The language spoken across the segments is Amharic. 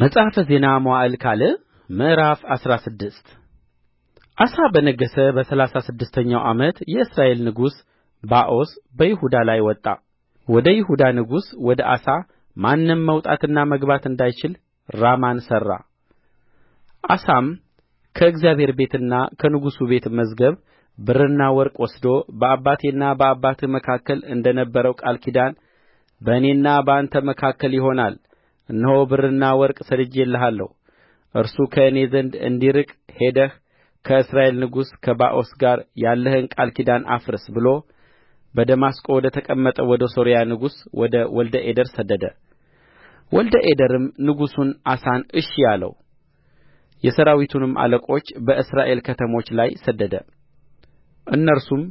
መጽሐፈ ዜና መዋዕል ካልዕ ምዕራፍ አስራ ስድስት አሳ በነገሠ በሠላሳ ስድስተኛው ዓመት የእስራኤል ንጉሥ ባኦስ በይሁዳ ላይ ወጣ ወደ ይሁዳ ንጉሥ ወደ አሳ ማንም መውጣትና መግባት እንዳይችል ራማን ሠራ አሳም ከእግዚአብሔር ቤትና ከንጉሡ ቤት መዝገብ ብርና ወርቅ ወስዶ በአባቴና በአባትህ መካከል እንደ ነበረው ቃል ኪዳን በእኔና በአንተ መካከል ይሆናል እነሆ ብርና ወርቅ ሰድጄልሃለሁ እርሱ ከእኔ ዘንድ እንዲርቅ ሄደህ ከእስራኤል ንጉሥ ከባኦስ ጋር ያለህን ቃል ኪዳን አፍርስ ብሎ በደማስቆ ወደ ተቀመጠ ወደ ሶርያ ንጉሥ ወደ ወልደ አዴር ሰደደ ወልደ አዴርም ንጉሡን አሳን እሺ አለው የሠራዊቱንም አለቆች በእስራኤል ከተሞች ላይ ሰደደ እነርሱም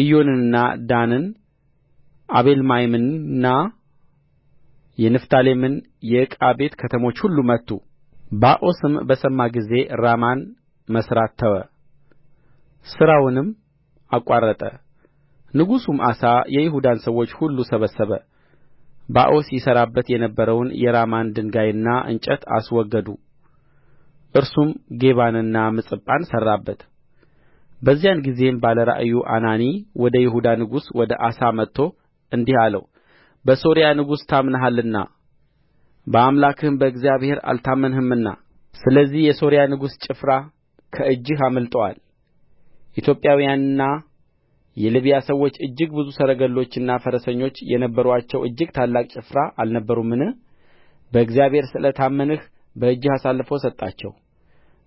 ዒዮንንና ዳንን አቤልማይምንና የንፍታሌምን የዕቃ ቤት ከተሞች ሁሉ መቱ ባኦስም በሰማ ጊዜ ራማን መሥራት ተወ ሥራውንም አቋረጠ ንጉሡም አሳ የይሁዳን ሰዎች ሁሉ ሰበሰበ ባኦስ ይሠራበት የነበረውን የራማን ድንጋይና እንጨት አስወገዱ እርሱም ጌባንና ምጽጳን ሠራበት በዚያን ጊዜም ባለ ራእዩ አናኒ ወደ ይሁዳ ንጉሥ ወደ አሳ መጥቶ እንዲህ አለው በሶርያ ንጉሥ ታምነሃልና በአምላክህም በእግዚአብሔር አልታመንህምና ስለዚህ የሶርያ ንጉሥ ጭፍራ ከእጅህ አምልጦአል ኢትዮጵያውያንና የልብያ ሰዎች እጅግ ብዙ ሰረገሎችና ፈረሰኞች የነበሩአቸው እጅግ ታላቅ ጭፍራ አልነበሩምን በእግዚአብሔር ስለ ታመንህ በእጅህ አሳልፎ ሰጣቸው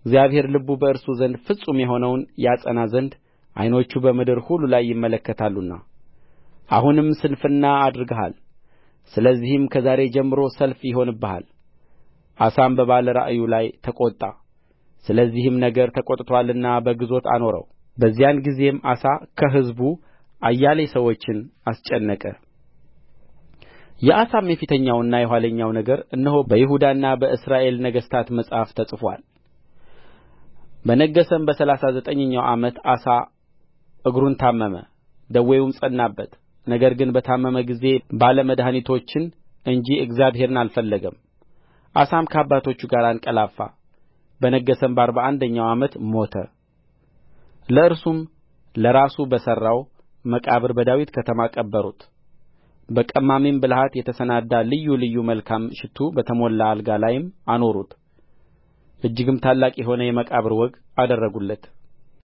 እግዚአብሔር ልቡ በእርሱ ዘንድ ፍጹም የሆነውን ያጸና ዘንድ ዓይኖቹ በምድር ሁሉ ላይ ይመለከታሉና አሁንም ስንፍና አድርገሃል ስለዚህም ከዛሬ ጀምሮ ሰልፍ ይሆንብሃል አሳም በባለ ራእዩ ላይ ተቈጣ ስለዚህም ነገር ተቈጥቶአልና በግዞት አኖረው በዚያን ጊዜም አሳ ከሕዝቡ አያሌ ሰዎችን አስጨነቀ የአሳም የፊተኛውና የኋለኛው ነገር እነሆ በይሁዳና በእስራኤል ነገሥታት መጽሐፍ ተጽፎአል በነገሠም በሠላሳ ዘጠኝኛው ዓመት አሳ እግሩን ታመመ ደዌውም ጸናበት ነገር ግን በታመመ ጊዜ ባለ መድኃኒቶችን እንጂ እግዚአብሔርን አልፈለገም አሳም ከአባቶቹ ጋር አንቀላፋ በነገሠም በአርባ አንደኛው ዓመት ሞተ ለእርሱም ለራሱ በሠራው መቃብር በዳዊት ከተማ ቀበሩት በቀማሚም ብልሃት የተሰናዳ ልዩ ልዩ መልካም ሽቱ በተሞላ አልጋ ላይም አኖሩት እጅግም ታላቅ የሆነ የመቃብር ወግ አደረጉለት